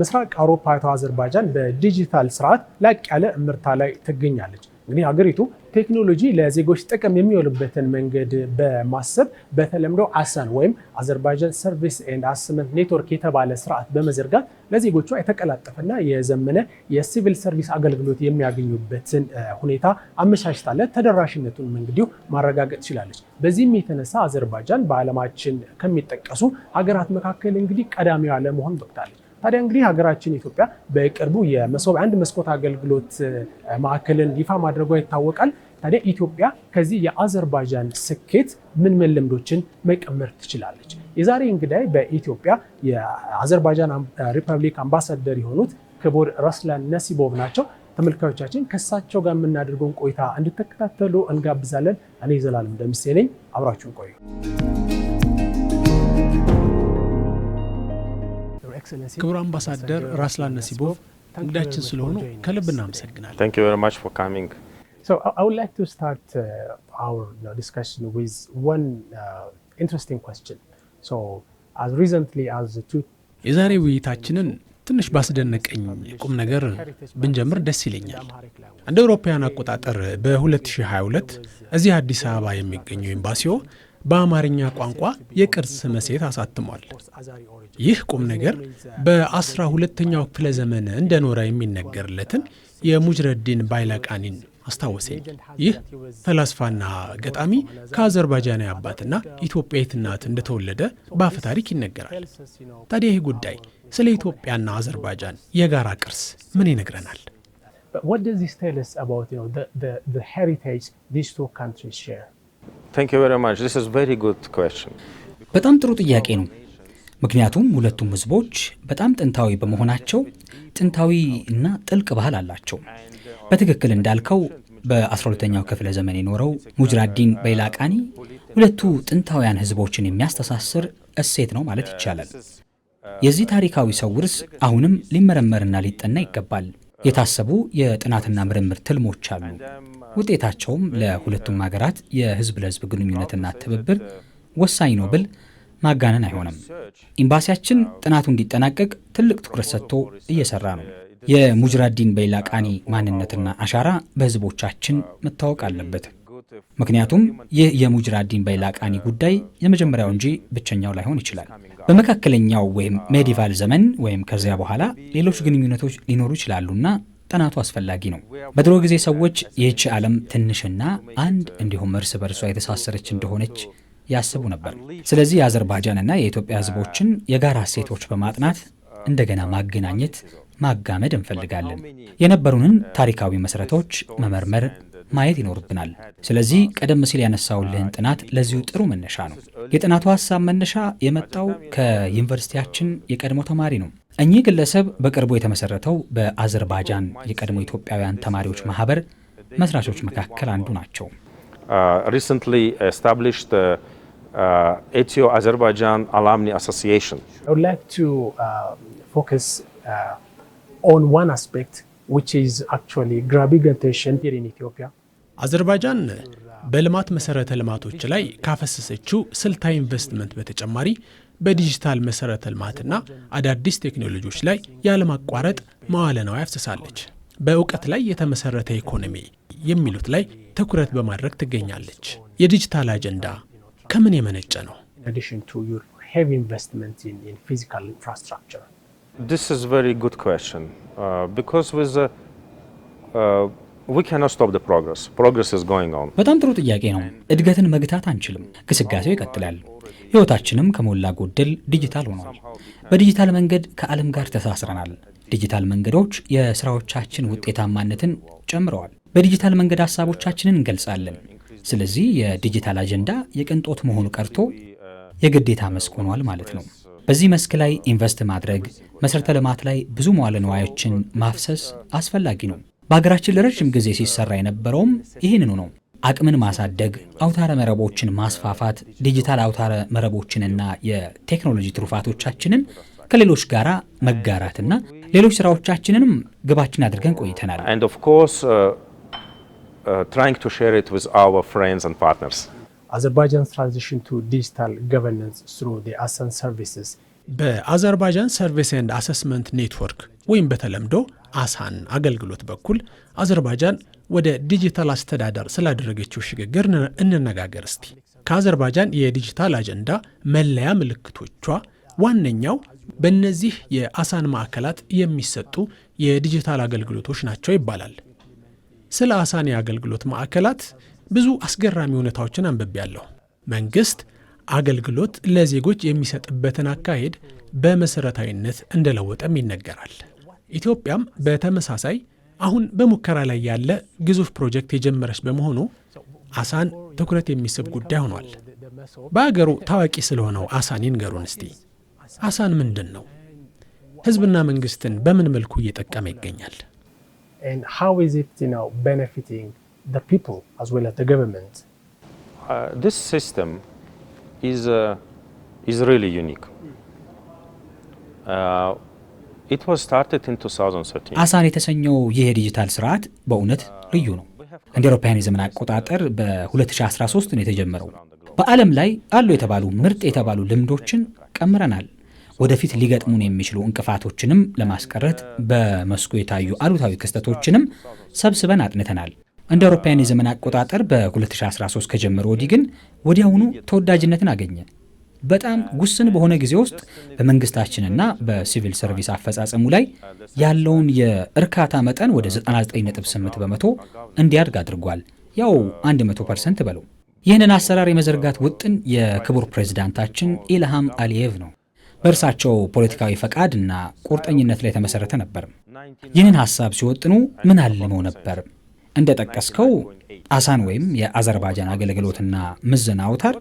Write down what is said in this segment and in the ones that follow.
ምስራቅ አውሮፓዊቷ አዘርባጃን በዲጂታል ስርዓት ላቅ ያለ እምርታ ላይ ትገኛለች። እንግዲህ ሀገሪቱ ቴክኖሎጂ ለዜጎች ጥቅም የሚውልበትን መንገድ በማሰብ በተለምዶ አሳን ወይም አዘርባጃን ሰርቪስ ኤንድ አስመንት ኔትወርክ የተባለ ስርዓት በመዘርጋት ለዜጎቿ የተቀላጠፈና የዘመነ የሲቪል ሰርቪስ አገልግሎት የሚያገኙበትን ሁኔታ አመቻችታለ ተደራሽነቱን እንግዲሁ ማረጋገጥ ችላለች። በዚህም የተነሳ አዘርባጃን በዓለማችን ከሚጠቀሱ ሀገራት መካከል እንግዲህ ቀዳሚዋ ለመሆን በቅታለች። ታዲያ እንግዲህ ሀገራችን ኢትዮጵያ በቅርቡ የመሶብ አንድ መስኮት አገልግሎት ማዕከልን ይፋ ማድረጓ ይታወቃል። ታዲያ ኢትዮጵያ ከዚህ የአዘርባጃን ስኬት ምን ምን ልምዶችን መቀመር ትችላለች? የዛሬ እንግዳይ በኢትዮጵያ የአዘርባጃን ሪፐብሊክ አምባሳደር የሆኑት ክቡር ረስላን ነሲቦቭ ናቸው። ተመልካዮቻችን ከእሳቸው ጋር የምናደርገውን ቆይታ እንድትከታተሉ እንጋብዛለን። እኔ ዘላለም ደምሴ ነኝ። አብራችሁን ቆዩ። ክቡር አምባሳደር ራስላን ነሲቦቭ እንግዳችን ስለሆኑ ከልብ እናመሰግናለን። የዛሬ ውይይታችንን ትንሽ ባስደነቀኝ ቁም ነገር ብንጀምር ደስ ይለኛል። እንደ አውሮፓውያን አቆጣጠር በ2022 እዚህ አዲስ አበባ የሚገኘው ኤምባሲዎ በአማርኛ ቋንቋ የቅርስ መጽሔት አሳትሟል። ይህ ቁም ነገር በአስራ ሁለተኛው ክፍለ ዘመን እንደኖረ የሚነገርለትን የሙጅረዲን ባይላቃኒን አስታወሰኝ። ይህ ፈላስፋና ገጣሚ ከአዘርባጃን አባትና ኢትዮጵያዊት እናት እንደተወለደ በአፈ ታሪክ ይነገራል። ታዲያ ይህ ጉዳይ ስለ ኢትዮጵያና አዘርባጃን የጋራ ቅርስ ምን ይነግረናል? what does this tell us about, you know, the, the, the heritage these two countries share? በጣም ጥሩ ጥያቄ ነው። ምክንያቱም ሁለቱም ህዝቦች በጣም ጥንታዊ በመሆናቸው ጥንታዊ እና ጥልቅ ባህል አላቸው። በትክክል እንዳልከው በ12ኛው ክፍለ ዘመን የኖረው ሙጅራዲን በይላቃኒ ሁለቱ ጥንታውያን ህዝቦችን የሚያስተሳስር እሴት ነው ማለት ይቻላል። የዚህ ታሪካዊ ሰው ውርስ አሁንም ሊመረመርና ሊጠና ይገባል። የታሰቡ የጥናትና ምርምር ትልሞች አሉ። ውጤታቸውም ለሁለቱም ሀገራት የህዝብ ለህዝብ ግንኙነትና ትብብር ወሳኝ ነው ብል ማጋነን አይሆንም። ኤምባሲያችን ጥናቱ እንዲጠናቀቅ ትልቅ ትኩረት ሰጥቶ እየሰራ ነው። የሙጅራዲን በይላቃኒ ማንነትና አሻራ በህዝቦቻችን መታወቅ አለበት። ምክንያቱም ይህ የሙጅራዲን በይላቃኒ ጉዳይ የመጀመሪያው እንጂ ብቸኛው ላይሆን ይችላል። በመካከለኛው ወይም ሜዲቫል ዘመን ወይም ከዚያ በኋላ ሌሎች ግንኙነቶች ሊኖሩ ይችላሉና ጥናቱ አስፈላጊ ነው። በድሮ ጊዜ ሰዎች ይህች ዓለም ትንሽና አንድ እንዲሁም እርስ በርሷ የተሳሰረች እንደሆነች ያስቡ ነበር። ስለዚህ የአዘርባጃንና የኢትዮጵያ ሕዝቦችን የጋራ እሴቶች በማጥናት እንደገና ማገናኘት ማጋመድ እንፈልጋለን። የነበሩንን ታሪካዊ መሰረቶች መመርመር ማየት ይኖርብናል። ስለዚህ ቀደም ሲል ያነሳውልህን ጥናት ለዚሁ ጥሩ መነሻ ነው። የጥናቱ ሀሳብ መነሻ የመጣው ከዩኒቨርሲቲያችን የቀድሞ ተማሪ ነው። እኚህ ግለሰብ በቅርቡ የተመሰረተው በአዘርባጃን የቀድሞ ኢትዮጵያውያን ተማሪዎች ማህበር መስራቾች መካከል አንዱ ናቸው። ሪሰንትሊ ኤስታብሊሽድ ኢትዮ አላምኒ አሶሲዬሽን ኦን ዋን አስፔክት ዊች ኢዝ አክቹዋሊ ሂር ኢን ኢትዮጵያ አዘርባይጃን በልማት መሰረተ ልማቶች ላይ ካፈሰሰችው ስልታዊ ኢንቨስትመንት በተጨማሪ በዲጂታል መሰረተ ልማትና አዳዲስ ቴክኖሎጂዎች ላይ ያለማቋረጥ መዋለ ንዋይ ያፍስሳለች። በእውቀት ላይ የተመሰረተ ኢኮኖሚ የሚሉት ላይ ትኩረት በማድረግ ትገኛለች። የዲጂታል አጀንዳ ከምን የመነጨ ነው? This is very በጣም ጥሩ ጥያቄ ነው። እድገትን መግታት አንችልም። ግስጋሴው ይቀጥላል። ህይወታችንም ከሞላ ጎደል ዲጂታል ሆኗል። በዲጂታል መንገድ ከዓለም ጋር ተሳስረናል። ዲጂታል መንገዶች የስራዎቻችን ውጤታማነትን ጨምረዋል። በዲጂታል መንገድ ሀሳቦቻችንን እንገልጻለን። ስለዚህ የዲጂታል አጀንዳ የቅንጦት መሆኑ ቀርቶ የግዴታ መስክ ሆኗል ማለት ነው። በዚህ መስክ ላይ ኢንቨስት ማድረግ፣ መሰረተ ልማት ላይ ብዙ መዋለ ንዋዮችን ማፍሰስ አስፈላጊ ነው። በሀገራችን ለረጅም ጊዜ ሲሰራ የነበረውም ይህንኑ ነው። አቅምን ማሳደግ፣ አውታረ መረቦችን ማስፋፋት፣ ዲጂታል አውታረ መረቦችንና የቴክኖሎጂ ትሩፋቶቻችንን ከሌሎች ጋር መጋራትና ሌሎች ስራዎቻችንንም ግባችን አድርገን ቆይተናል። አዘርባጃን ትራንዚሽን ቱ ዲጂታል ሰርቪስስ በአዘርባይጃን ሰርቪስ ኤንድ አሰስመንት ኔትወርክ ወይም በተለምዶ አሳን አገልግሎት በኩል አዘርባይጃን ወደ ዲጂታል አስተዳደር ስላደረገችው ሽግግር እንነጋገር እስቲ። ከአዘርባይጃን የዲጂታል አጀንዳ መለያ ምልክቶቿ ዋነኛው በእነዚህ የአሳን ማዕከላት የሚሰጡ የዲጂታል አገልግሎቶች ናቸው ይባላል። ስለ አሳን የአገልግሎት ማዕከላት ብዙ አስገራሚ እውነታዎችን አንብቤያለሁ። መንግስት አገልግሎት ለዜጎች የሚሰጥበትን አካሄድ በመሰረታዊነት እንደለወጠም ይነገራል። ኢትዮጵያም በተመሳሳይ አሁን በሙከራ ላይ ያለ ግዙፍ ፕሮጀክት የጀመረች በመሆኑ አሳን ትኩረት የሚስብ ጉዳይ ሆኗል። በአገሩ ታዋቂ ስለሆነው አሳን ይንገሩን እስቲ። አሳን ምንድን ነው? ህዝብና መንግስትን በምን መልኩ እየጠቀመ ይገኛል? ሲስተም is uh, is really unique. Uh, it was started in 2013. አሳን የተሰኘው ይህ ዲጂታል ስርዓት በእውነት ልዩ ነው። እንደ አውሮፓውያን የዘመን አቆጣጠር በ2013 ነው የተጀመረው። በዓለም ላይ አሉ የተባሉ ምርጥ የተባሉ ልምዶችን ቀምረናል። ወደፊት ሊገጥሙን የሚችሉ እንቅፋቶችንም ለማስቀረት በመስኩ የታዩ አሉታዊ ክስተቶችንም ሰብስበን አጥንተናል። እንደ አውሮፓውያን የዘመን አቆጣጠር በ2013 ከጀመረ ወዲህ ግን ወዲያውኑ ተወዳጅነትን አገኘ። በጣም ውስን በሆነ ጊዜ ውስጥ በመንግስታችንና በሲቪል ሰርቪስ አፈጻጸሙ ላይ ያለውን የእርካታ መጠን ወደ 99.8 በመቶ እንዲያድግ አድርጓል። ያው 100 ፐርሰንት በለው። ይህንን አሰራር የመዘርጋት ውጥን የክቡር ፕሬዚዳንታችን ኢልሃም አሊየቭ ነው። በእርሳቸው ፖለቲካዊ ፈቃድ እና ቁርጠኝነት ላይ የተመሰረተ ነበር። ይህንን ሀሳብ ሲወጥኑ ምን አልመው ነበር? እንደጠቀስከው አሳን ወይም የአዘርባጃን አገልግሎትና ምዘና አውታር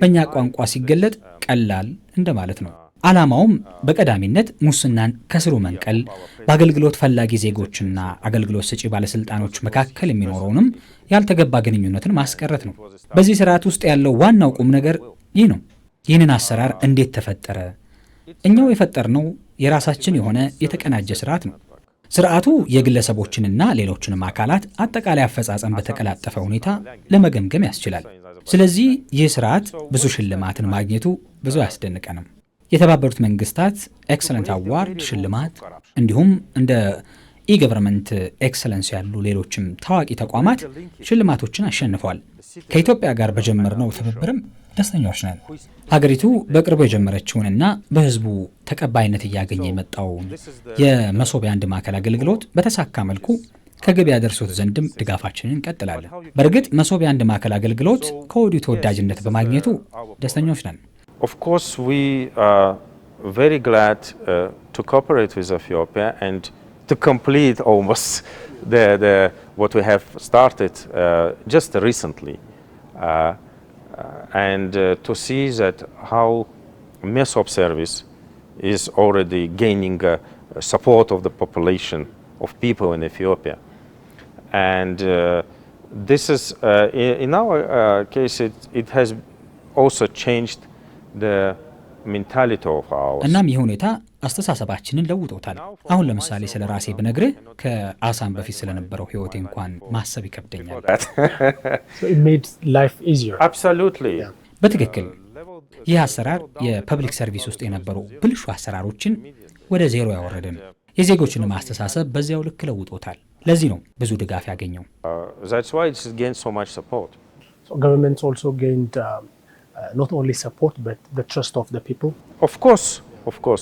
በእኛ ቋንቋ ሲገለጥ ቀላል እንደማለት ነው። ዓላማውም በቀዳሚነት ሙስናን ከስሩ መንቀል፣ በአገልግሎት ፈላጊ ዜጎችና አገልግሎት ሰጪ ባለስልጣኖች መካከል የሚኖረውንም ያልተገባ ግንኙነትን ማስቀረት ነው። በዚህ ስርዓት ውስጥ ያለው ዋናው ቁም ነገር ይህ ነው። ይህንን አሰራር እንዴት ተፈጠረ? እኛው የፈጠርነው የራሳችን የሆነ የተቀናጀ ስርዓት ነው። ስርዓቱ የግለሰቦችንና ሌሎችንም አካላት አጠቃላይ አፈጻጸም በተቀላጠፈ ሁኔታ ለመገምገም ያስችላል። ስለዚህ ይህ ስርዓት ብዙ ሽልማትን ማግኘቱ ብዙ አያስደንቀንም። የተባበሩት መንግስታት ኤክሰለንት አዋርድ ሽልማት እንዲሁም እንደ ኢገቨርንመንት ኤክሰለንስ ያሉ ሌሎችም ታዋቂ ተቋማት ሽልማቶችን አሸንፈዋል። ከኢትዮጵያ ጋር በጀመርነው ትብብርም ደስተኞች ነን። ሀገሪቱ በቅርቡ የጀመረችውንና በህዝቡ ተቀባይነት እያገኘ የመጣውን የመሶብ የአንድ ማዕከል አገልግሎት በተሳካ መልኩ ከገበያ ደርሶት ዘንድም ድጋፋችንን እንቀጥላለን። በእርግጥ መሶብ የአንድ ማዕከል አገልግሎት ከወዲሁ ተወዳጅነት በማግኘቱ ደስተኞች ነን። ኦፍኮርስ ዊ አር ግላድ ቱ ኮኦፐሬት ዊዝ ኢትዮጵያ ኤንድ ቱ ኮምፕሊት ኦልሞስት Uh, and uh, to see that how MESOP service is already gaining uh, support of the population of people in Ethiopia. And this is, in our case, it, it has also changed the እናም ይህ ሁኔታ አስተሳሰባችንን ለውጦታል። አሁን ለምሳሌ ስለ ራሴ ብነግርህ ከአሳም በፊት ስለነበረው ህይወቴ እንኳን ማሰብ ይከብደኛል። በትክክል ይህ አሰራር የፐብሊክ ሰርቪስ ውስጥ የነበሩ ብልሹ አሰራሮችን ወደ ዜሮ ያወረደ ነው። የዜጎችን አስተሳሰብ በዚያው ልክ ለውጦታል። ለዚህ ነው ብዙ ድጋፍ ያገኘው። uh,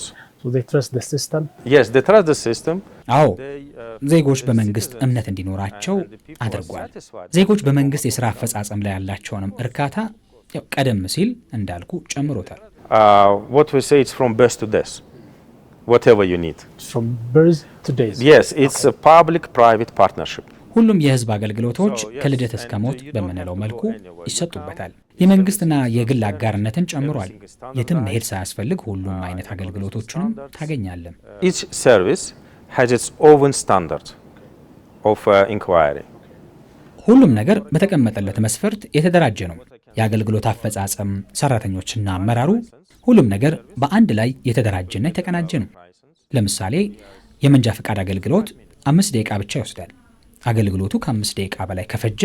አዎ uh, ዜጎች በመንግስት እምነት እንዲኖራቸው አድርጓል። ዜጎች በመንግስት የስራ አፈጻጸም ላይ ያላቸውንም እርካታ ቀደም ሲል እንዳልኩ ጨምሮታል። uh, ሁሉም የህዝብ አገልግሎቶች ከልደት እስከ ሞት በምንለው መልኩ ይሰጡበታል። የመንግስትና የግል አጋርነትን ጨምሯል። የትም መሄድ ሳያስፈልግ ሁሉም አይነት አገልግሎቶችንም ታገኛለን። ኢች ሰርቪስ ሃዝ ኢትስ ኦውን ስታንዳርድ ኦፍ ሁሉም ነገር በተቀመጠለት መስፈርት የተደራጀ ነው። የአገልግሎት አፈጻጸም፣ ሰራተኞችና አመራሩ፣ ሁሉም ነገር በአንድ ላይ የተደራጀና የተቀናጀ ነው። ለምሳሌ የመንጃ ፈቃድ አገልግሎት አምስት ደቂቃ ብቻ ይወስዳል። አገልግሎቱ ከአምስት ደቂቃ በላይ ከፈጀ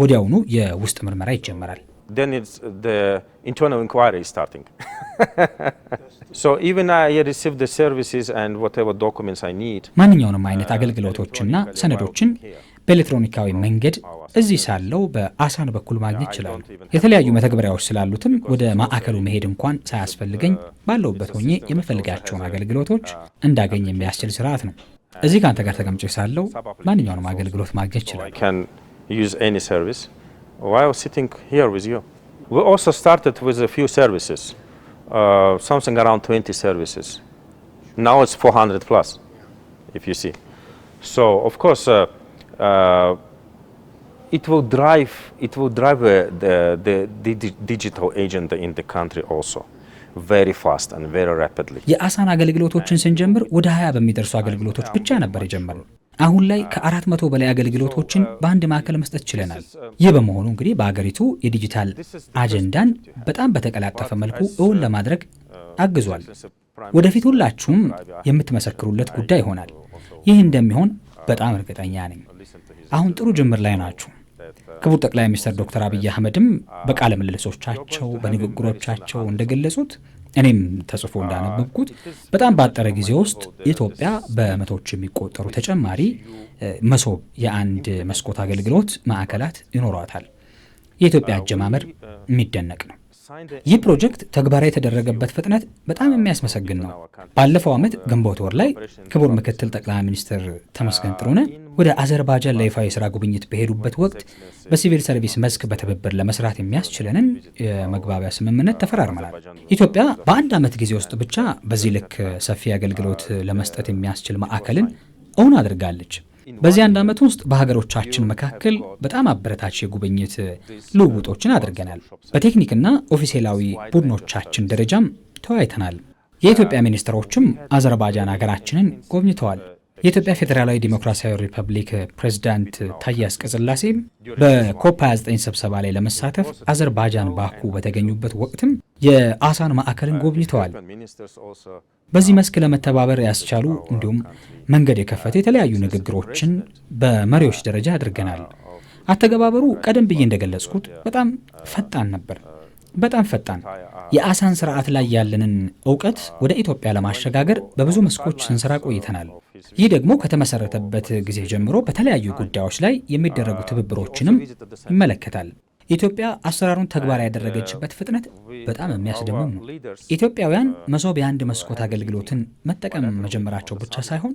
ወዲያውኑ የውስጥ ምርመራ ይጀመራል። then it's the internal inquiry is starting. so even I receive the services and whatever documents I need. ማንኛውንም አይነት uh, አገልግሎቶችና ሰነዶችን በኤሌክትሮኒካዊ መንገድ እዚህ ሳለው በአሳን በኩል ማግኘት ይችላሉ። የተለያዩ መተግበሪያዎች ስላሉትም ወደ ማዕከሉ መሄድ እንኳን uh, ሳያስፈልገኝ ባለውበት ሆኜ የምፈልጋቸውን አገልግሎቶች uh, እንዳገኝ የሚያስችል ስርዓት ነው። እዚህ ከአንተ ጋር ተቀምጬ ሳለው ማንኛውንም አገልግሎት ማግኘት ይችላል። while sitting here with you. We also started with a few services, uh, something around 20 services. Now it's 400 plus, if you see. So of course, uh, uh, it will drive it will drive uh, the, the, the digital agent in the country also. የአሳን አገልግሎቶችን ስንጀምር ወደ 20 በሚደርሱ አገልግሎቶች ብቻ ነበር የጀመርነው። አሁን ላይ ከአራት መቶ በላይ አገልግሎቶችን በአንድ ማዕከል መስጠት ችለናል። ይህ በመሆኑ እንግዲህ በአገሪቱ የዲጂታል አጀንዳን በጣም በተቀላጠፈ መልኩ እውን ለማድረግ አግዟል። ወደፊት ሁላችሁም የምትመሰክሩለት ጉዳይ ይሆናል። ይህ እንደሚሆን በጣም እርግጠኛ ነኝ። አሁን ጥሩ ጅምር ላይ ናችሁ። ክቡር ጠቅላይ ሚኒስትር ዶክተር አብይ አህመድም በቃለ ምልልሶቻቸው፣ በንግግሮቻቸው እንደገለጹት እኔም ተጽፎ እንዳነበብኩት በጣም ባጠረ ጊዜ ውስጥ ኢትዮጵያ በመቶዎች የሚቆጠሩ ተጨማሪ መሶብ የአንድ መስኮት አገልግሎት ማዕከላት ይኖሯታል። የኢትዮጵያ አጀማመር የሚደነቅ ነው። ይህ ፕሮጀክት ተግባራዊ የተደረገበት ፍጥነት በጣም የሚያስመሰግን ነው። ባለፈው ዓመት ግንቦት ወር ላይ ክቡር ምክትል ጠቅላይ ሚኒስትር ተመስገን ጥሩነህ ወደ አዘርባጃን ለይፋ የሥራ ጉብኝት በሄዱበት ወቅት በሲቪል ሰርቪስ መስክ በትብብር ለመስራት የሚያስችለንን የመግባቢያ ስምምነት ተፈራርመናል። ኢትዮጵያ በአንድ ዓመት ጊዜ ውስጥ ብቻ በዚህ ልክ ሰፊ አገልግሎት ለመስጠት የሚያስችል ማዕከልን እውን አድርጋለች። በዚህ አንድ ዓመት ውስጥ በሀገሮቻችን መካከል በጣም አበረታች የጉብኝት ልውውጦችን አድርገናል። በቴክኒክና ኦፊሴላዊ ቡድኖቻችን ደረጃም ተወያይተናል። የኢትዮጵያ ሚኒስትሮችም አዘርባጃን ሀገራችንን ጎብኝተዋል። የኢትዮጵያ ፌዴራላዊ ዲሞክራሲያዊ ሪፐብሊክ ፕሬዝዳንት ታዬ አጽቀሥላሴም በኮፕ 29 ስብሰባ ላይ ለመሳተፍ አዘርባጃን ባኩ በተገኙበት ወቅትም የአሳን ማዕከልን ጎብኝተዋል። በዚህ መስክ ለመተባበር ያስቻሉ እንዲሁም መንገድ የከፈተ የተለያዩ ንግግሮችን በመሪዎች ደረጃ አድርገናል። አተገባበሩ ቀደም ብዬ እንደገለጽኩት በጣም ፈጣን ነበር። በጣም ፈጣን የአሳን ስርዓት ላይ ያለንን እውቀት ወደ ኢትዮጵያ ለማሸጋገር በብዙ መስኮች ስንሰራ ቆይተናል። ይህ ደግሞ ከተመሰረተበት ጊዜ ጀምሮ በተለያዩ ጉዳዮች ላይ የሚደረጉ ትብብሮችንም ይመለከታል። ኢትዮጵያ አሰራሩን ተግባር ያደረገችበት ፍጥነት በጣም የሚያስደምም ነው። ኢትዮጵያውያን መሶብ የአንድ መስኮት አገልግሎትን መጠቀም መጀመራቸው ብቻ ሳይሆን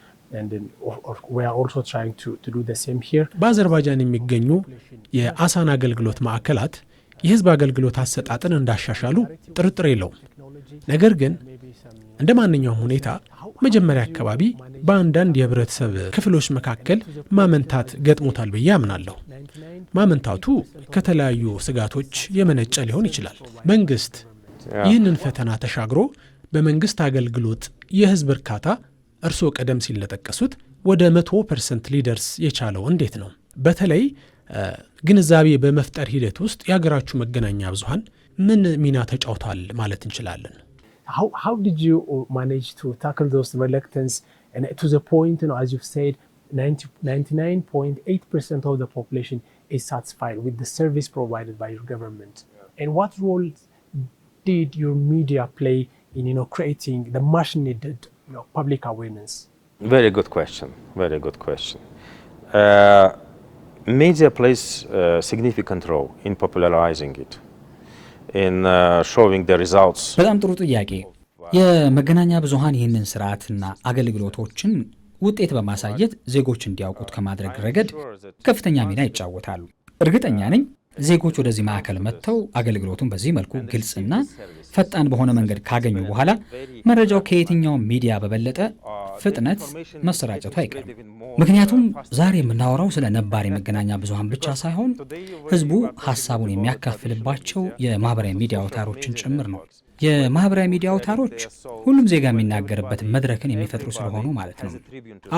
በአዘርባጃን የሚገኙ የአሳን አገልግሎት ማዕከላት የህዝብ አገልግሎት አሰጣጥን እንዳሻሻሉ ጥርጥር የለውም። ነገር ግን እንደ ማንኛውም ሁኔታ መጀመሪያ አካባቢ በአንዳንድ የህብረተሰብ ክፍሎች መካከል ማመንታት ገጥሞታል ብዬ አምናለሁ። ማመንታቱ ከተለያዩ ስጋቶች የመነጨ ሊሆን ይችላል። መንግስት ይህንን ፈተና ተሻግሮ በመንግስት አገልግሎት የህዝብ እርካታ እርስዎ ቀደም ሲል ወደ መቶ ፐርሰንት ሊደርስ የቻለው እንዴት ነው? በተለይ ግንዛቤ በመፍጠር ሂደት ውስጥ የሀገራችሁ መገናኛ ብዙሀን ምን ሚና ተጫውቷል ማለት እንችላለን? ሚዲያ ፕሌይ ማሽን ፐብሊክ አዌርነንስ ቨሪ ጉድ ኩዌስችን ቨሪ ጉድ ኩዌስችን ሚዲያ ፕሌይስ ሲግኒፊካንት ሮል ኢን ፖፑላራይዚንግ ኢት ኢን ሾዊንግ ዘ ሪዛልትስ በጣም ጥሩ ጥያቄ የመገናኛ ብዙሃን ይህንን ስርዓትና አገልግሎቶችን ውጤት በማሳየት ዜጎች እንዲያውቁት ከማድረግ ረገድ ከፍተኛ ሚና ይጫወታሉ። እርግጠኛ ነኝ ዜጎች ወደዚህ ማዕከል መጥተው አገልግሎቱን በዚህ መልኩ ግልጽና ፈጣን በሆነ መንገድ ካገኙ በኋላ መረጃው ከየትኛው ሚዲያ በበለጠ ፍጥነት መሰራጨቱ አይቀርም። ምክንያቱም ዛሬ የምናወራው ስለ ነባር የመገናኛ ብዙሃን ብቻ ሳይሆን ህዝቡ ሀሳቡን የሚያካፍልባቸው የማህበራዊ ሚዲያ አውታሮችን ጭምር ነው። የማህበራዊ ሚዲያ አውታሮች ሁሉም ዜጋ የሚናገርበት መድረክን የሚፈጥሩ ስለሆኑ ማለት ነው።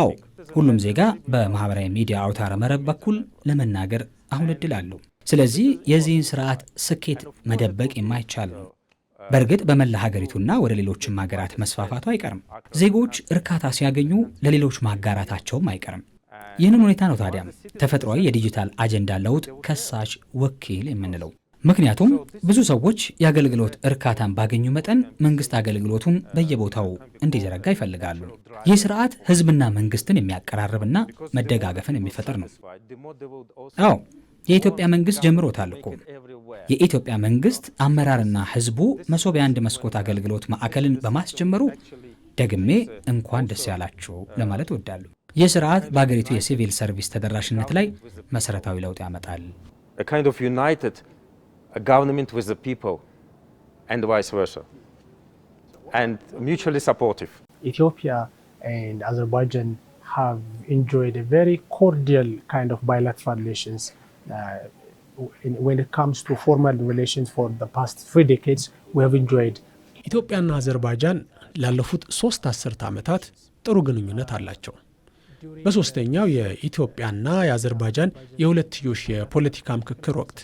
አዎ ሁሉም ዜጋ በማህበራዊ ሚዲያ አውታረ መረብ በኩል ለመናገር አሁን እድል አለው። ስለዚህ የዚህን ስርዓት ስኬት መደበቅ የማይቻል ነው። በእርግጥ በመላ ሀገሪቱና ወደ ሌሎችም ሀገራት መስፋፋቱ አይቀርም። ዜጎች እርካታ ሲያገኙ ለሌሎች ማጋራታቸውም አይቀርም። ይህንን ሁኔታ ነው ታዲያ ተፈጥሯዊ የዲጂታል አጀንዳ ለውጥ ከሳሽ ወኪል የምንለው። ምክንያቱም ብዙ ሰዎች የአገልግሎት እርካታን ባገኙ መጠን መንግስት አገልግሎቱን በየቦታው እንዲዘረጋ ይፈልጋሉ። ይህ ስርዓት ህዝብና መንግስትን የሚያቀራርብና መደጋገፍን የሚፈጥር ነው። አዎ የኢትዮጵያ መንግስት ጀምሮታል እኮ የኢትዮጵያ መንግስት አመራርና ህዝቡ መሶብ የአንድ መስኮት አገልግሎት ማዕከልን በማስጀመሩ ደግሜ እንኳን ደስ ያላችሁ ለማለት እወዳለሁ። ይህ ስርዓት በአገሪቱ የሲቪል ሰርቪስ ተደራሽነት ላይ መሰረታዊ ለውጥ ያመጣል። ኢትዮጵያ and Azerbaijan have enjoyed a very cordial kind of bilateral uh, when it comes to formal relations for the past three decades, we have enjoyed. ኢትዮጵያና አዘርባይጃን ላለፉት ሶስት አስርተ ዓመታት ጥሩ ግንኙነት አላቸው። በሶስተኛው የኢትዮጵያና የአዘርባይጃን የሁለትዮሽ የፖለቲካ ምክክር ወቅት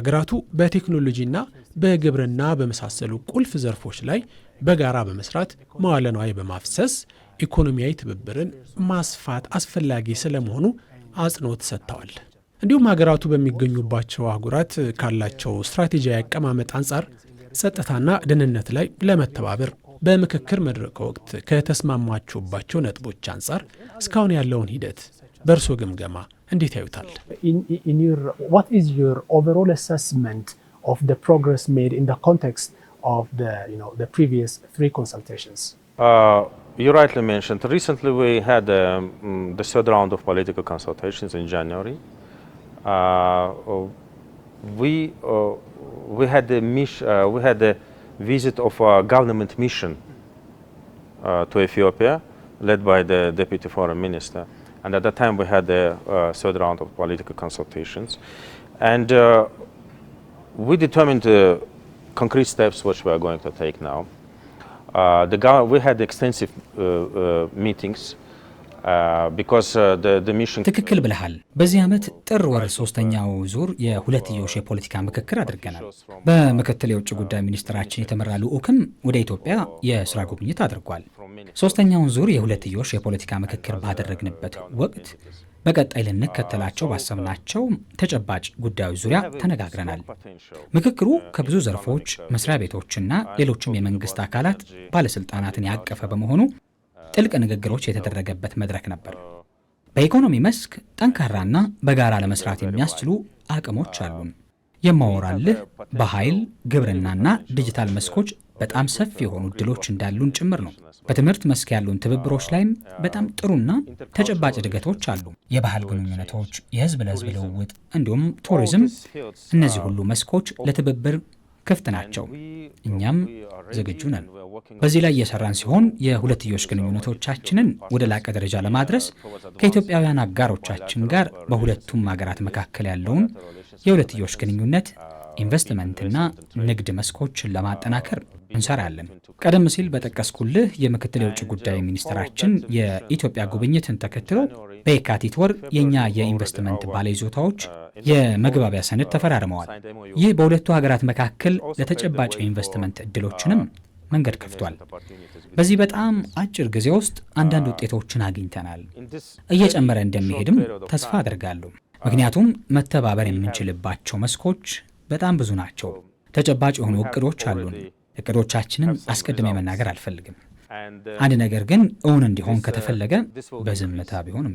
አገራቱ በቴክኖሎጂና በግብርና በመሳሰሉ ቁልፍ ዘርፎች ላይ በጋራ በመስራት መዋለ ንዋይ በማፍሰስ ኢኮኖሚያዊ ትብብርን ማስፋት አስፈላጊ ስለመሆኑ አጽንኦት ሰጥተዋል። እንዲሁም ሀገራቱ በሚገኙባቸው አህጉራት ካላቸው ስትራቴጂያዊ አቀማመጥ አንጻር ጸጥታና ደህንነት ላይ ለመተባበር በምክክር መድረክ ወቅት ከተስማማችሁባቸው ነጥቦች አንጻር እስካሁን ያለውን ሂደት በእርሶ ግምገማ እንዴት ያዩታል? ሪሰንትሊ ዊ ሃድ ዘ ሰርድ ራውንድ ኦፍ ፖለቲካል ኮንሰልቴሽንስ ኢን ጃንዋሪ Uh, we uh, we had a mission, uh, we had a visit of a government mission to Ethiopia, led by the deputy foreign minister. And at that time, we had the third round of political consultations, and we determined the concrete steps which we are going to take now. the we had extensive meetings Uh, uh, ትክክል ብለሃል። በዚህ ዓመት ጥር ወር ሶስተኛው ዙር የሁለትዮሽ የፖለቲካ ምክክር አድርገናል። በምክትል የውጭ ጉዳይ ሚኒስትራችን የተመራ ልዑክም ወደ ኢትዮጵያ የስራ ጉብኝት አድርጓል። ሶስተኛውን ዙር የሁለትዮሽ የፖለቲካ ምክክር ባደረግንበት ወቅት በቀጣይ ልንከተላቸው ባሰብናቸው ተጨባጭ ጉዳዮች ዙሪያ ተነጋግረናል። ምክክሩ ከብዙ ዘርፎች መስሪያ ቤቶችና ሌሎችም የመንግስት አካላት ባለስልጣናትን ያቀፈ በመሆኑ ጥልቅ ንግግሮች የተደረገበት መድረክ ነበር። በኢኮኖሚ መስክ ጠንካራና በጋራ ለመስራት የሚያስችሉ አቅሞች አሉን። የማወራልህ በኃይል ግብርናና ዲጂታል መስኮች በጣም ሰፊ የሆኑ እድሎች እንዳሉን ጭምር ነው። በትምህርት መስክ ያሉን ትብብሮች ላይም በጣም ጥሩና ተጨባጭ እድገቶች አሉ። የባህል ግንኙነቶች፣ የህዝብ ለህዝብ ልውውጥ እንዲሁም ቱሪዝም፣ እነዚህ ሁሉ መስኮች ለትብብር ክፍት ናቸው። እኛም ዝግጁ ነን። በዚህ ላይ እየሰራን ሲሆን የሁለትዮሽ ግንኙነቶቻችንን ወደ ላቀ ደረጃ ለማድረስ ከኢትዮጵያውያን አጋሮቻችን ጋር በሁለቱም ሀገራት መካከል ያለውን የሁለትዮሽ ግንኙነት ኢንቨስትመንትና ንግድ መስኮችን ለማጠናከር እንሰራለን። ቀደም ሲል በጠቀስኩልህ የምክትል የውጭ ጉዳይ ሚኒስትራችን የኢትዮጵያ ጉብኝትን ተከትሎ በየካቲት ወር የእኛ የኢንቨስትመንት ባለይዞታዎች የመግባቢያ ሰነድ ተፈራርመዋል። ይህ በሁለቱ ሀገራት መካከል ለተጨባጭ ኢንቨስትመንት እድሎችንም መንገድ ከፍቷል። በዚህ በጣም አጭር ጊዜ ውስጥ አንዳንድ ውጤቶችን አግኝተናል። እየጨመረ እንደሚሄድም ተስፋ አድርጋለሁ። ምክንያቱም መተባበር የምንችልባቸው መስኮች በጣም ብዙ ናቸው። ተጨባጭ የሆኑ እቅዶች አሉን። እቅዶቻችንን አስቀድሜ መናገር አልፈልግም። አንድ ነገር ግን እውን እንዲሆን ከተፈለገ በዝምታ ቢሆንም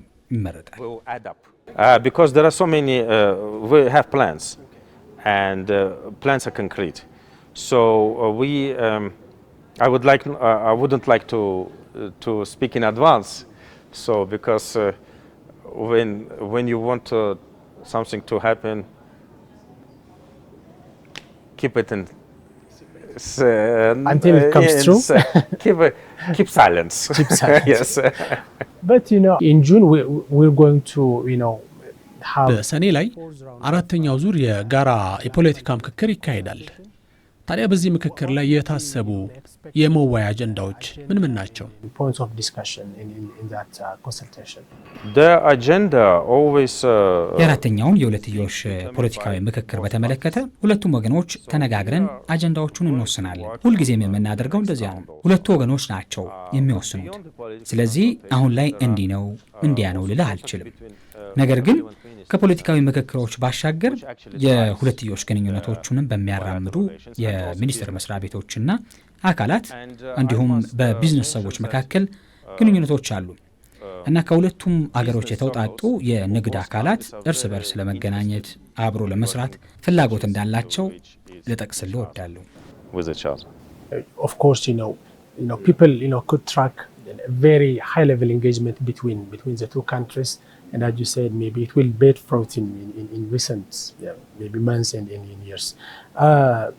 Uh, because there are so many. Uh, we have plans, ይመረጣል። uh, um, I would like uh, I wouldn't like to to speak in advance so because when when you want something to happen keep it until it comes true. keep it Keep silence. Keep silence. yes. but you know, in June we we're going to you know. በሰኔ ላይ አራተኛው ዙር የጋራ የፖለቲካ ምክክር ይካሄዳል። ታዲያ በዚህ ምክክር ላይ የታሰቡ የመወያ አጀንዳዎች ምን ምን ናቸው? Uh, uh, የአራተኛውን የሁለትዮሽ ፖለቲካዊ ምክክር በተመለከተ ሁለቱም ወገኖች ተነጋግረን አጀንዳዎቹን እንወስናለን። ሁልጊዜም የምናደርገው እንደዚያ ነው። ሁለቱ ወገኖች ናቸው የሚወስኑት። ስለዚህ አሁን ላይ እንዲህ ነው እንዲያ ነው ልልህ አልችልም። ነገር ግን ከፖለቲካዊ ምክክሮች ባሻገር የሁለትዮሽ ግንኙነቶቹንም uh, በሚያራምዱ የሚኒስቴር መስሪያ ቤቶችና አካላት uh, እንዲሁም uh, በቢዝነስ ሰዎች መካከል ግንኙነቶች አሉ እና ከሁለቱም አገሮች የተውጣጡ የንግድ አካላት እርስ በርስ ለመገናኘት አብሮ ለመስራት ፍላጎት እንዳላቸው ልጠቅስል ወዳሉ ፒፕል ትራክ ሃይ ኢንጌጅመንት ቢትዊን ዘ ቱ ካንትሪስ And as you said, maybe it will bear fruit in, in, in recent, yeah, maybe months and, in, in years. Uh,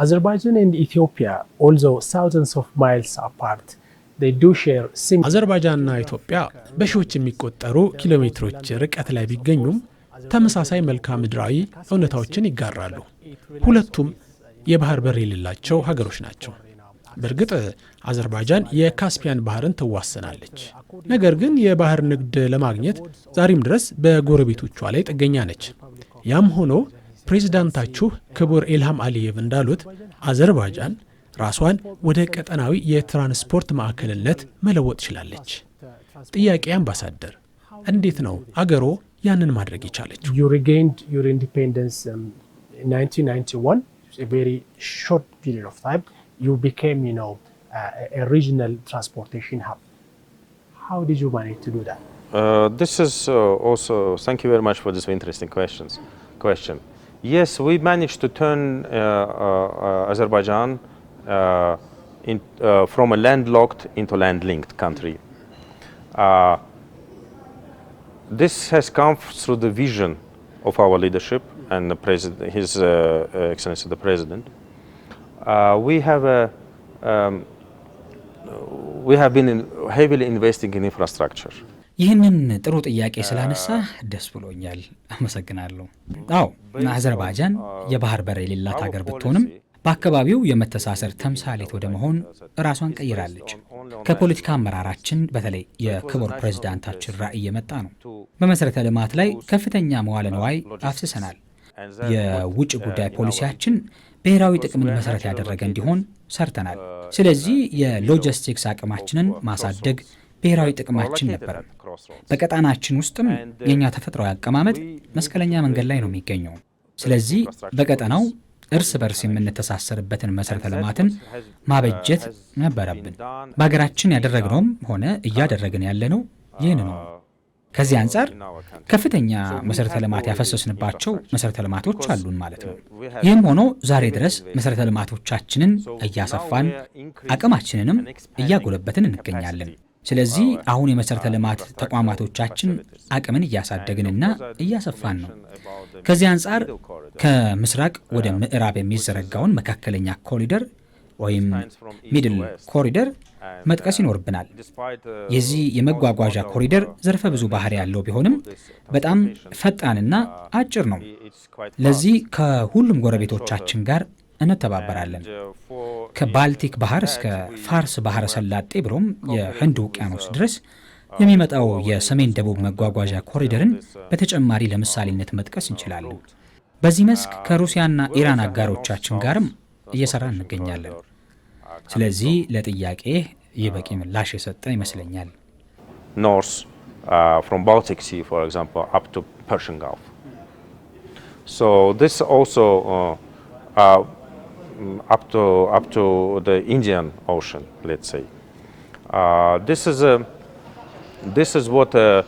Azerbaijan and Ethiopia, although thousands of miles apart, አዘርባይጃንና ኢትዮጵያ በሺዎች የሚቆጠሩ ኪሎ ሜትሮች ርቀት ላይ ቢገኙም ተመሳሳይ መልክዓ ምድራዊ እውነታዎችን ይጋራሉ። ሁለቱም የባህር በር የሌላቸው ሀገሮች ናቸው። በእርግጥ አዘርባጃን የካስፒያን ባህርን ትዋሰናለች። ነገር ግን የባህር ንግድ ለማግኘት ዛሬም ድረስ በጎረቤቶቿ ላይ ጥገኛ ነች። ያም ሆኖ ፕሬዚዳንታችሁ ክቡር ኢልሃም አሊየቭ እንዳሉት አዘርባጃን ራሷን ወደ ቀጠናዊ የትራንስፖርት ማዕከልነት መለወጥ ችላለች። ጥያቄ አምባሳደር፣ እንዴት ነው አገሮ ያንን ማድረግ የቻለችው? you became, you know, uh, a, a regional transportation hub. How did you manage to do that? Uh, this is uh, also, thank you very much for this interesting questions, question. Yes, we managed to turn uh, uh Azerbaijan uh, in, from a landlocked into land-linked country. this has come through the vision of our leadership and the president, His Excellency the President. Uh, we have a um, we have been in heavily investing in infrastructure ይህንን ጥሩ ጥያቄ ስላነሳ ደስ ብሎኛል። አመሰግናለሁ። አዎ አዘርባይጃን የባህር በር የሌላት ሀገር ብትሆንም በአካባቢው የመተሳሰር ተምሳሌት ወደ መሆን ራሷን ቀይራለች። ከፖለቲካ አመራራችን በተለይ የክቡር ፕሬዚዳንታችን ራዕይ የመጣ ነው። በመሠረተ ልማት ላይ ከፍተኛ መዋለ uh, ንዋይ አፍስሰናል። የውጭ ጉዳይ uh, ፖሊሲያችን ብሔራዊ ጥቅምን መሰረት ያደረገ እንዲሆን ሰርተናል። ስለዚህ የሎጂስቲክስ አቅማችንን ማሳደግ ብሔራዊ ጥቅማችን ነበር። በቀጣናችን ውስጥም የእኛ ተፈጥሯዊ አቀማመጥ መስቀለኛ መንገድ ላይ ነው የሚገኘው። ስለዚህ በቀጠናው እርስ በርስ የምንተሳሰርበትን መሰረተ ልማትን ማበጀት ነበረብን። በሀገራችን ያደረግነውም ሆነ እያደረግን ያለነው ይህን ነው። ከዚህ አንጻር ከፍተኛ መሰረተ ልማት ያፈሰስንባቸው መሰረተ ልማቶች አሉን ማለት ነው። ይህም ሆኖ ዛሬ ድረስ መሰረተ ልማቶቻችንን እያሰፋን አቅማችንንም እያጎለበትን እንገኛለን። ስለዚህ አሁን የመሰረተ ልማት ተቋማቶቻችን አቅምን እያሳደግንና እያሰፋን ነው። ከዚህ አንጻር ከምስራቅ ወደ uh, ምዕራብ የሚዘረጋውን መካከለኛ ኮሪደር ወይም ሚድል ኮሪደር መጥቀስ ይኖርብናል። የዚህ የመጓጓዣ ኮሪደር ዘርፈ ብዙ ባህሪ ያለው ቢሆንም በጣም ፈጣንና አጭር ነው። ለዚህ ከሁሉም ጎረቤቶቻችን ጋር እንተባበራለን። ከባልቲክ ባህር እስከ ፋርስ ባህረ ሰላጤ ብሎም የህንድ ውቅያኖስ ድረስ የሚመጣው የሰሜን ደቡብ መጓጓዣ ኮሪደርን በተጨማሪ ለምሳሌነት መጥቀስ እንችላለን። በዚህ መስክ ከሩሲያና ኢራን አጋሮቻችን ጋርም እየሰራ እንገኛለን። North uh, from Baltic Sea, for example, up to Persian Gulf. So this also uh, uh, mm, up to up to the Indian Ocean, let's say. this is a this is what uh,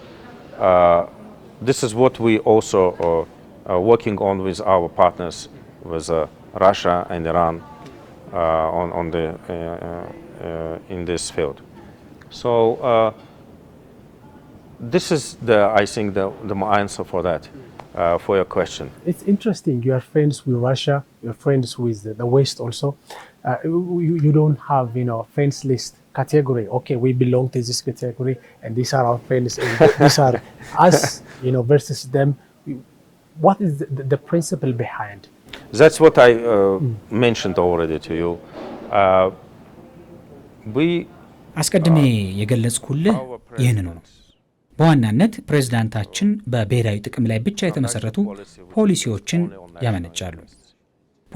this is what we also are, working on with our partners, with Russia and Iran uh, on, on the, uh, uh, in this field. So this is the, I think, the, the answer for that. Uh, for your question. It's interesting. You are friends with Russia. You're friends with the, West also. Uh, you, you, don't have, you know, friends list category. Okay, we belong to this category, and these are our friends, and these are us, you know, versus them. What is the, the principle behind That's what I uh, mentioned already to you. Uh, አስቀድሜ uh, የገለጽኩልህ ይህንኑ ነው። በዋናነት ፕሬዝዳንታችን በብሔራዊ ጥቅም ላይ ብቻ የተመሰረቱ ፖሊሲዎችን ያመነጫሉ።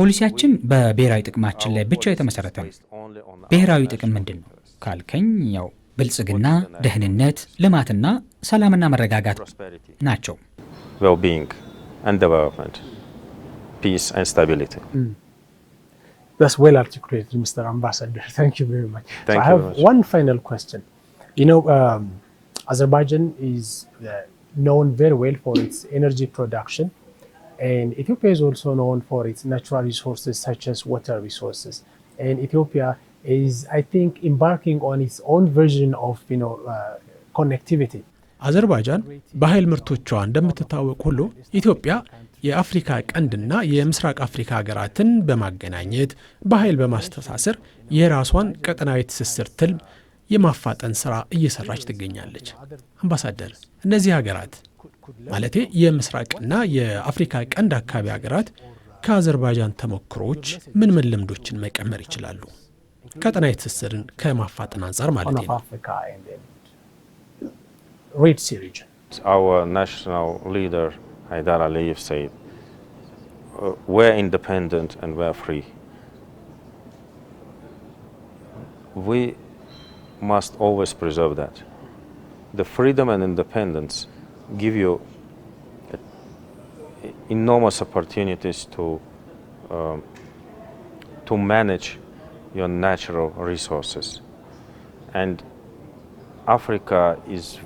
ፖሊሲያችን በብሔራዊ ጥቅማችን ላይ ብቻ የተመሰረተ ነው። ብሔራዊ ጥቅም ምንድን ነው ካልከኝ፣ ያው ብልጽግና፣ ደህንነት፣ ልማትና ሰላምና መረጋጋት ናቸው። peace and stability. Mm. That's well articulated, Mr. Ambassador. Thank you very much. Thank so you I have one final question. You know, um, Azerbaijan is uh, known very well for its energy production, and Ethiopia is also known for its natural resources such as water resources. And Ethiopia is, I think, embarking on its own version of, you know, uh, connectivity. አዘርባጃን በኃይል ምርቶቿ እንደምትታወቅ ሁሉ ኢትዮጵያ የአፍሪካ ቀንድና የምስራቅ አፍሪካ ሀገራትን በማገናኘት በኃይል በማስተሳሰር የራሷን ቀጠናዊ ትስስር ትልም የማፋጠን ስራ እየሰራች ትገኛለች። አምባሳደር፣ እነዚህ ሀገራት ማለቴ የምስራቅና የአፍሪካ ቀንድ አካባቢ ሀገራት ከአዘርባጃን ተሞክሮዎች ምን ምን ልምዶችን መቀመር ይችላሉ? ቀጠናዊ ትስስርን ከማፋጠን አንጻር ማለት ነው። Red Sea region. Our national leader, Haidar Aliyev, said, uh, we're independent and we're free. We must always preserve that. The freedom and independence give you uh, enormous opportunities to, um, to manage your natural resources. And Africa is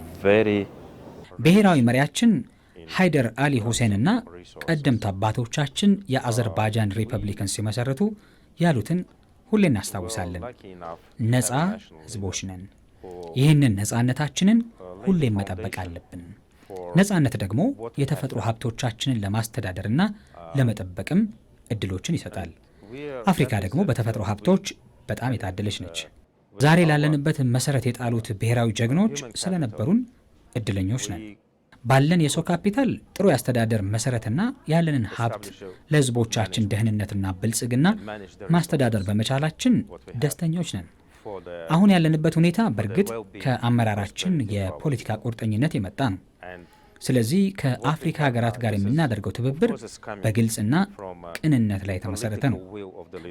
ብሔራዊ መሪያችን ሃይደር አሊ ሁሴን ና ቀደምት አባቶቻችን የአዘርባይጃን ሪፐብሊክን ሲመሰርቱ ያሉትን ሁሌ እናስታውሳለን። ነፃ ህዝቦች ነን። ይህንን ነፃነታችንን ሁሌም መጠበቅ አለብን። ነፃነት ደግሞ የተፈጥሮ ሀብቶቻችንን ለማስተዳደርና ለመጠበቅም እድሎችን ይሰጣል። አፍሪካ ደግሞ በተፈጥሮ ሀብቶች በጣም የታደለች ነች። ዛሬ ላለንበት መሰረት የጣሉት ብሔራዊ ጀግኖች ስለነበሩን እድለኞች ነን። ባለን የሰው ካፒታል ጥሩ የአስተዳደር መሰረትና ያለንን ሀብት ለህዝቦቻችን ደህንነትና ብልጽግና ማስተዳደር በመቻላችን ደስተኞች ነን። አሁን ያለንበት ሁኔታ በእርግጥ ከአመራራችን የፖለቲካ ቁርጠኝነት የመጣ ነው። ስለዚህ ከአፍሪካ ሀገራት ጋር የምናደርገው ትብብር በግልጽና ቅንነት ላይ የተመሰረተ ነው።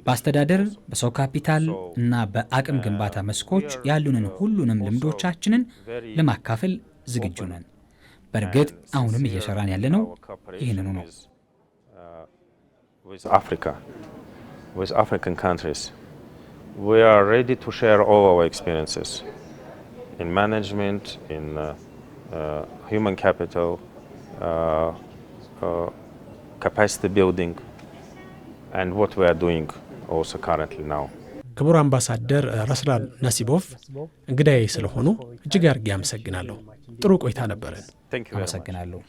በአስተዳደር፣ በሰው ካፒታል እና በአቅም ግንባታ መስኮች ያሉንን ሁሉንም ልምዶቻችንን ለማካፈል ዝግጁ ነን። በእርግጥ አሁንም እየሰራን ያለነው ይህንኑ ነው። We are ready to share all our experiences in management, in uh, human capital, uh, uh, capacity building, and what we are doing also currently now. ክቡር አምባሳደር ረስላን ነሲቦቭ እንግዳዬ ስለሆኑ እጅግ አድርጌ አመሰግናለሁ። ጥሩ ቆይታ ነበረን። አመሰግናለሁ።